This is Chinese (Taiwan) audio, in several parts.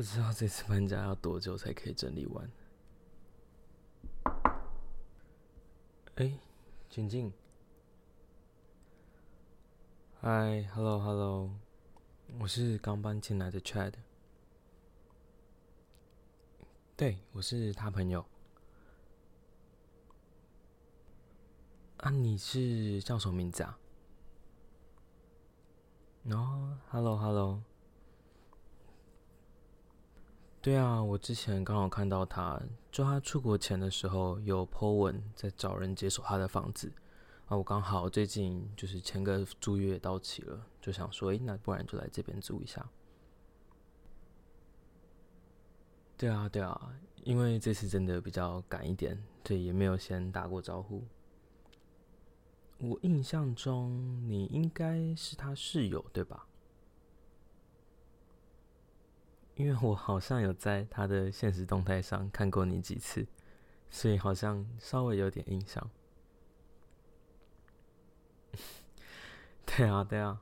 不知道這次搬家要多久才可以整理完？哎、欸，前進！Hi，Hello，Hello，我是剛搬進來的 Chad。對，我是他朋友。啊，你是叫什麼名字啊？哦、oh，Hello，Hello。對啊，我之前剛好看到他，就他出國前的時候有 po 文在找人接手他的房子啊。我剛好最近就是簽個租約到期了，就想說，誒，那不然就來這邊住一下。對啊，對啊，因為這次真的比較趕一點，對，也沒有先打過招呼。我印象中你應該是他室友對吧？因為我好像有在他的限時動態上看過你幾次，所以好像稍微有點印象。 對啊，對啊，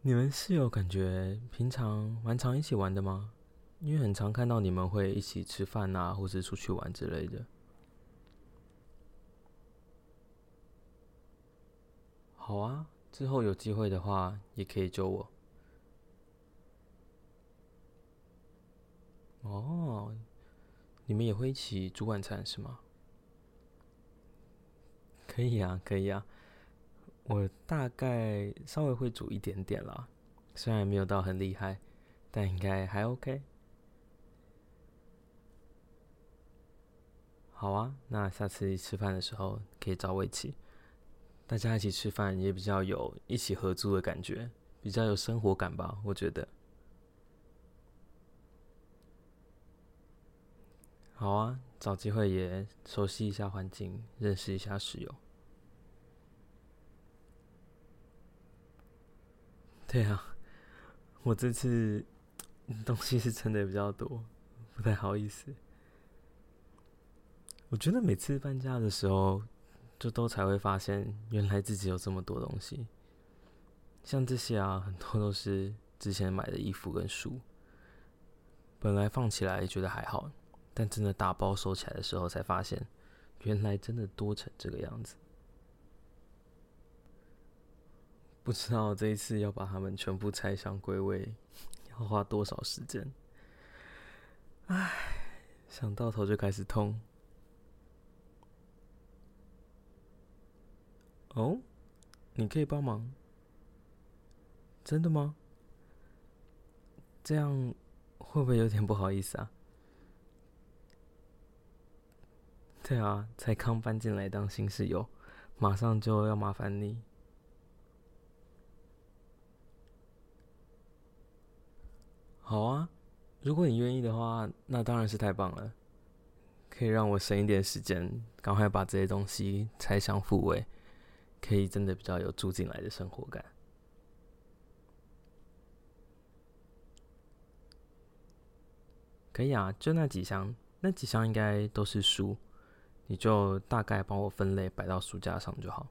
你們是有感覺平常蠻常一起玩的嗎？因為很常看到你們會一起吃飯啊，或是出去玩之類的。好啊，之後有機會的話也可以叫我。哦，你們也會一起煮晚餐是嗎？可以呀，啊，可以呀，啊，我大概稍微會煮一點點啦，雖然沒有到很厲害，但應該還 OK。好啊，那下次吃飯的時候可以找我一起，大家一起吃飯也比較有一起合租的感覺，比較有生活感吧，我覺得。好啊，找機會也熟悉一下環境，認識一下室友。對啊，我這次東西是真的比較多，不太好意思。我覺得每次搬家的時候，就都才會發現原來自己有這麼多東西，像這些啊，很多都是之前買的衣服跟書，本來放起來覺得還好。但真的打包收起來的時候，才發現，原來真的多成這個樣子。不知道這一次要把它們全部拆箱歸位，要花多少時間？唉，想到頭就開始痛。哦，你可以幫忙？真的嗎？這樣會不會有點不好意思啊？對啊，才剛搬進來當新室友，馬上就要麻煩你。好啊，如果你願意的話，那當然是太棒了，可以讓我省一點時間，趕快把這些東西拆箱復位，可以真的比較有住進來的生活感。可以啊，就那幾箱，那幾箱應該都是書。你就大概幫我分類擺到書架上就好，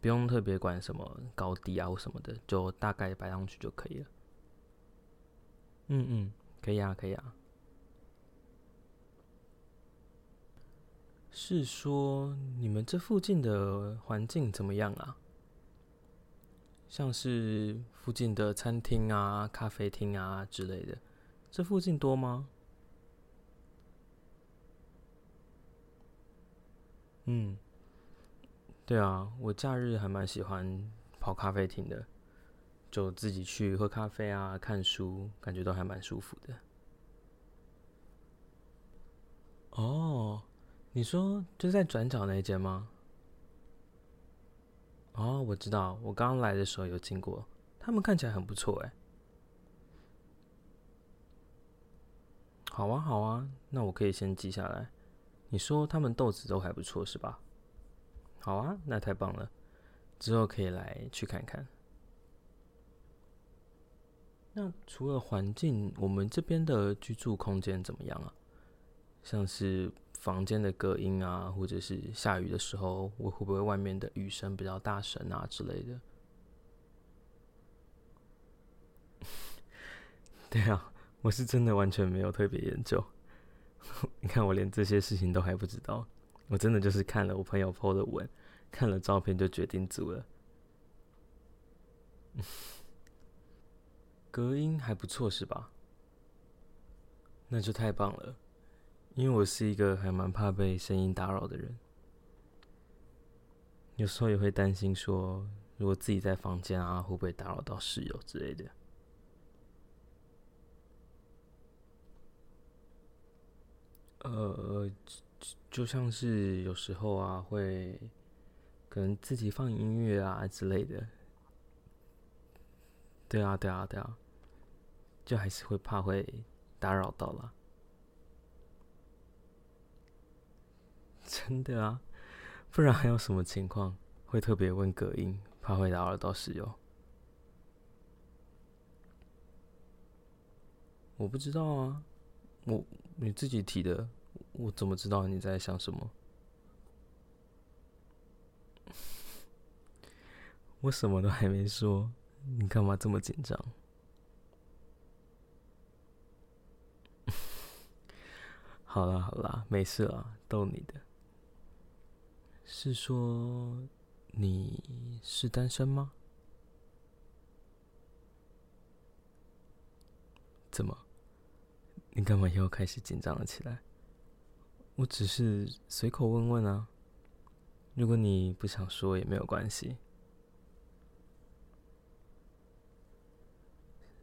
不用特別管什麼高低啊或什麼的，就大概擺上去就可以了。嗯嗯，可以啊，可以啊。是說你們這附近的環境怎麼樣啊？像是附近的餐廳啊、咖啡廳啊之類的，這附近多嗎？嗯，對啊，我假日還蠻喜歡跑咖啡廳的，就自己去喝咖啡啊，看書，感覺都還蠻舒服的。哦，你說就在轉角那間嗎？哦，我知道，我剛來的時候有經過，他們看起來很不錯哎。好啊，好啊，那我可以先記下來。你說他們豆子都還不錯是吧？好啊，那太棒了，之後可以來去看看。那除了環境，我們這邊的居住空間怎麼樣啊？像是房間的隔音啊，或者是下雨的時候，會會不會外面的雨聲比較大聲啊之類的？ 對啊，我是真的完全沒有特別研究。 你看，我連這些事情都還不知道，我真的就是看了我朋友 PO 的文，看了照片就決定租了。 隔音還不錯是吧？那就太棒了，因為我是一個還蠻怕被聲音打擾的人，有時候也會擔心說，如果自己在房間啊，會不會打擾到室友之類的。就就像是有時候啊，會可能自己放音樂啊之類的。對啊，對啊，對啊，就還是會怕會打擾到了，真的啊。不然還有什麼情況會特別問隔音，怕會打擾到室友？我不知道啊，我，你自己提的。我怎麼知道你在想什麼？ 我什麼都還沒說，你幹嘛這麼緊張？ 好啦好啦，沒事啦，逗你的。是說你是單身嗎？怎麼？你幹嘛又開始緊張了起來？我只是隨口問問啊，如果你不想說也沒有關係。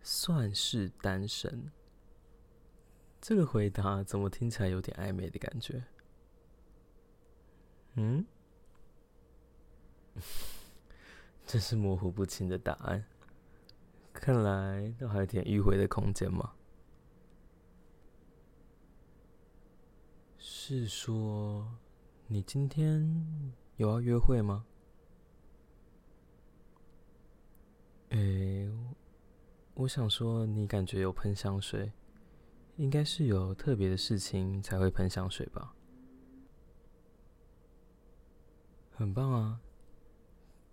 算是單身，這個回答怎麼聽起來有點曖昧的感覺？嗯，真 是模糊不清的答案，看來都還有點迂回的空間嘛。是說，你今天有要約會嗎？哎、欸，我想說，你感覺有噴香水，應該是有特別的事情才會噴香水吧。很棒啊，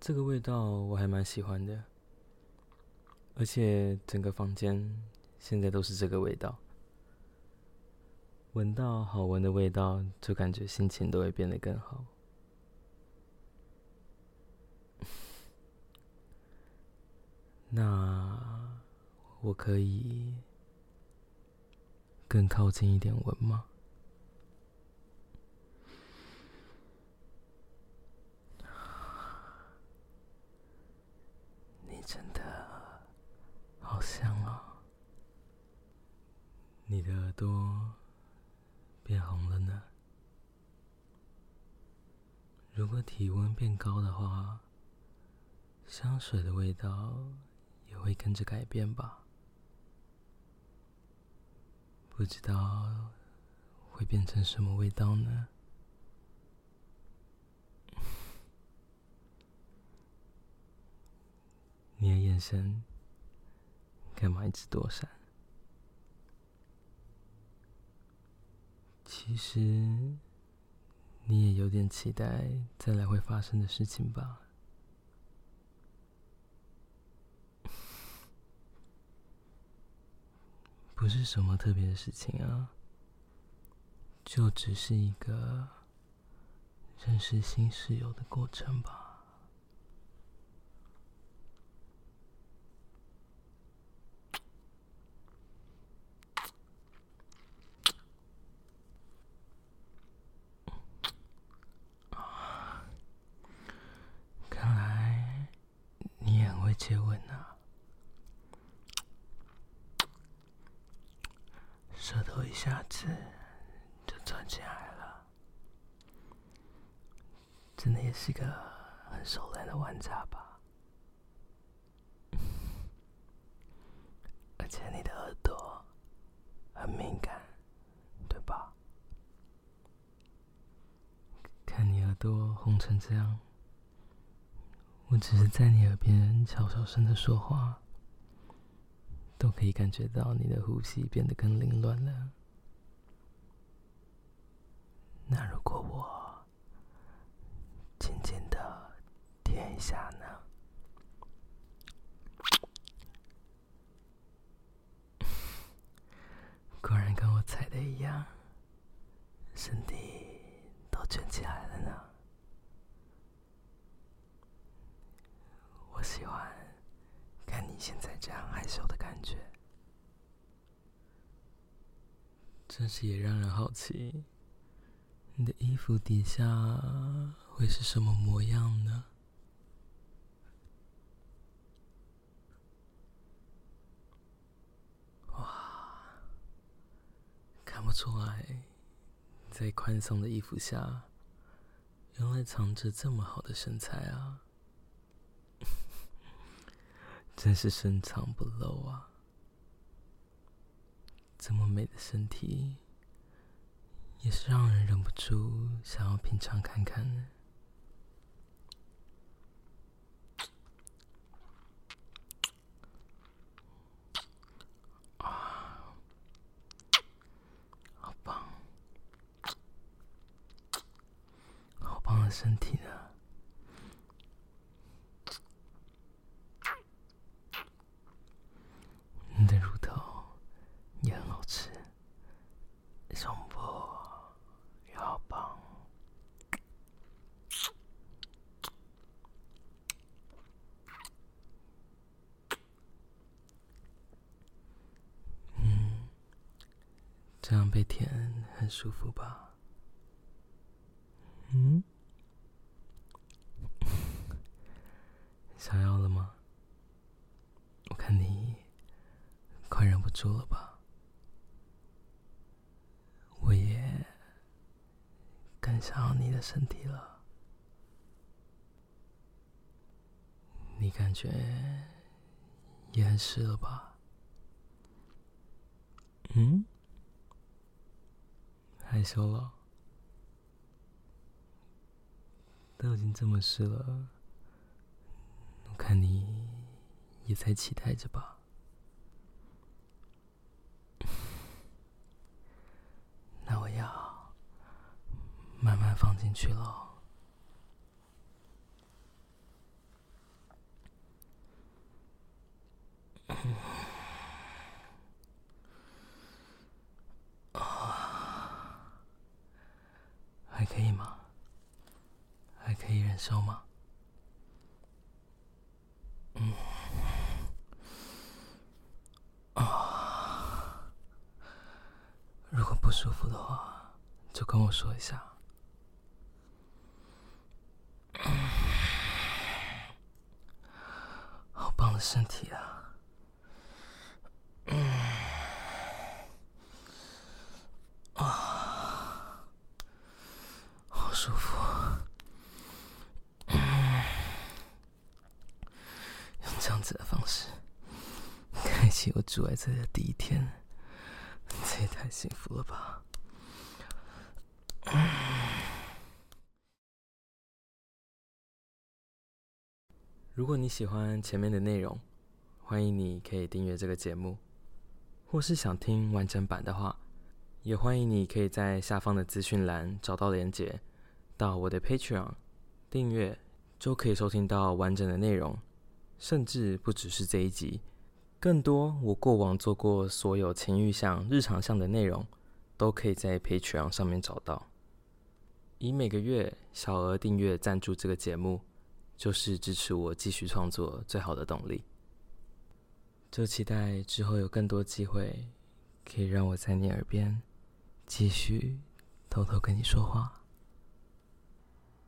這個味道我還蠻喜歡的，而且整個房間現在都是這個味道。聞到好聞的味道，就感覺心情都會變得更好。那我可以更靠近一點聞嗎？你真的好香啊！你的耳朵變紅了呢？如果體溫變高的話，香水的味道也會跟着改變吧。不知道會變成什麼味道呢？你的眼神，幹嘛一直躲閃？其實，你也有點期待再來會發生的事情吧？不是什麼特別的事情啊，就只是一個認識新室友的過程吧。一下子就鑽進來了，真的也是一個很熟練的玩家吧？而且你的耳朵很敏感，對吧？看你耳朵紅成這樣，我只是在你耳邊悄悄聲的說話，都可以感覺到你的呼吸變得更凌亂了。那如果我緊緊的捏一下呢？ 果然跟我猜的一樣，身體都捲起來了呢。我喜歡看你現在這樣害羞的感覺，真是也讓人好奇。你的衣服底下會是什麼模樣呢？哇，看不出來，在寬鬆的衣服下，原來藏着這麼好的身材啊。真是深藏不露啊。這麼美的身體。也是讓人忍不住想要品嘗看看的。啊，好棒，好棒的身體呢。被舔很舒服吧？嗯？ 想要了嗎？我看你快忍不住了吧？我也更想要你的身體了。你感覺也很濕了吧？嗯？害羞了，都已經這麼濕了，我看你也在期待着吧， 那我要慢慢放進去了。 可以嗎？還可以忍受嗎？嗯啊、哦，如果不舒服的話，就跟我說一下。嗯，好棒的身體啊！住在這的第一天，這也太幸福了吧！如果你喜歡前面的內容，歡迎你可以訂閱這個節目；或是想聽完整版的話，也歡迎你可以在下方的資訊欄找到鏈接，到我的 Patreon 訂閱，就可以收聽到完整的內容，甚至不只是這一集。更多我過往做過所有情欲向、日常向的內容，都可以在 Patreon 上面找到。以每個月小額訂閱贊助這個節目，就是支持我繼續創作最好的動力。就期待之後有更多機會，可以讓我在你耳邊繼續偷偷跟你說話。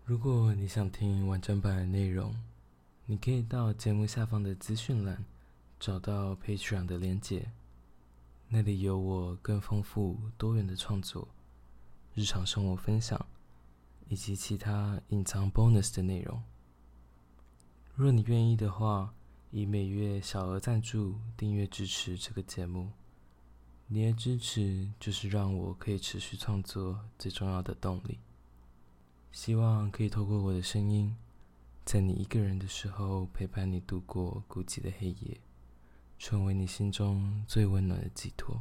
如果你想聽完整版的內容，你可以到節目下方的資訊欄。找到 Patreon 的連結，那裡有我更豐富多元的創作、日常生活分享以及其他隱藏 bonus 的內容。若你願意的話，以每月小額贊助，訂閱支持這個節目，你的支持就是讓我可以持續創作最重要的動力。希望可以透過我的聲音，在你一個人的時候陪伴你度過孤寂的黑夜。成為你心中最溫暖的寄托。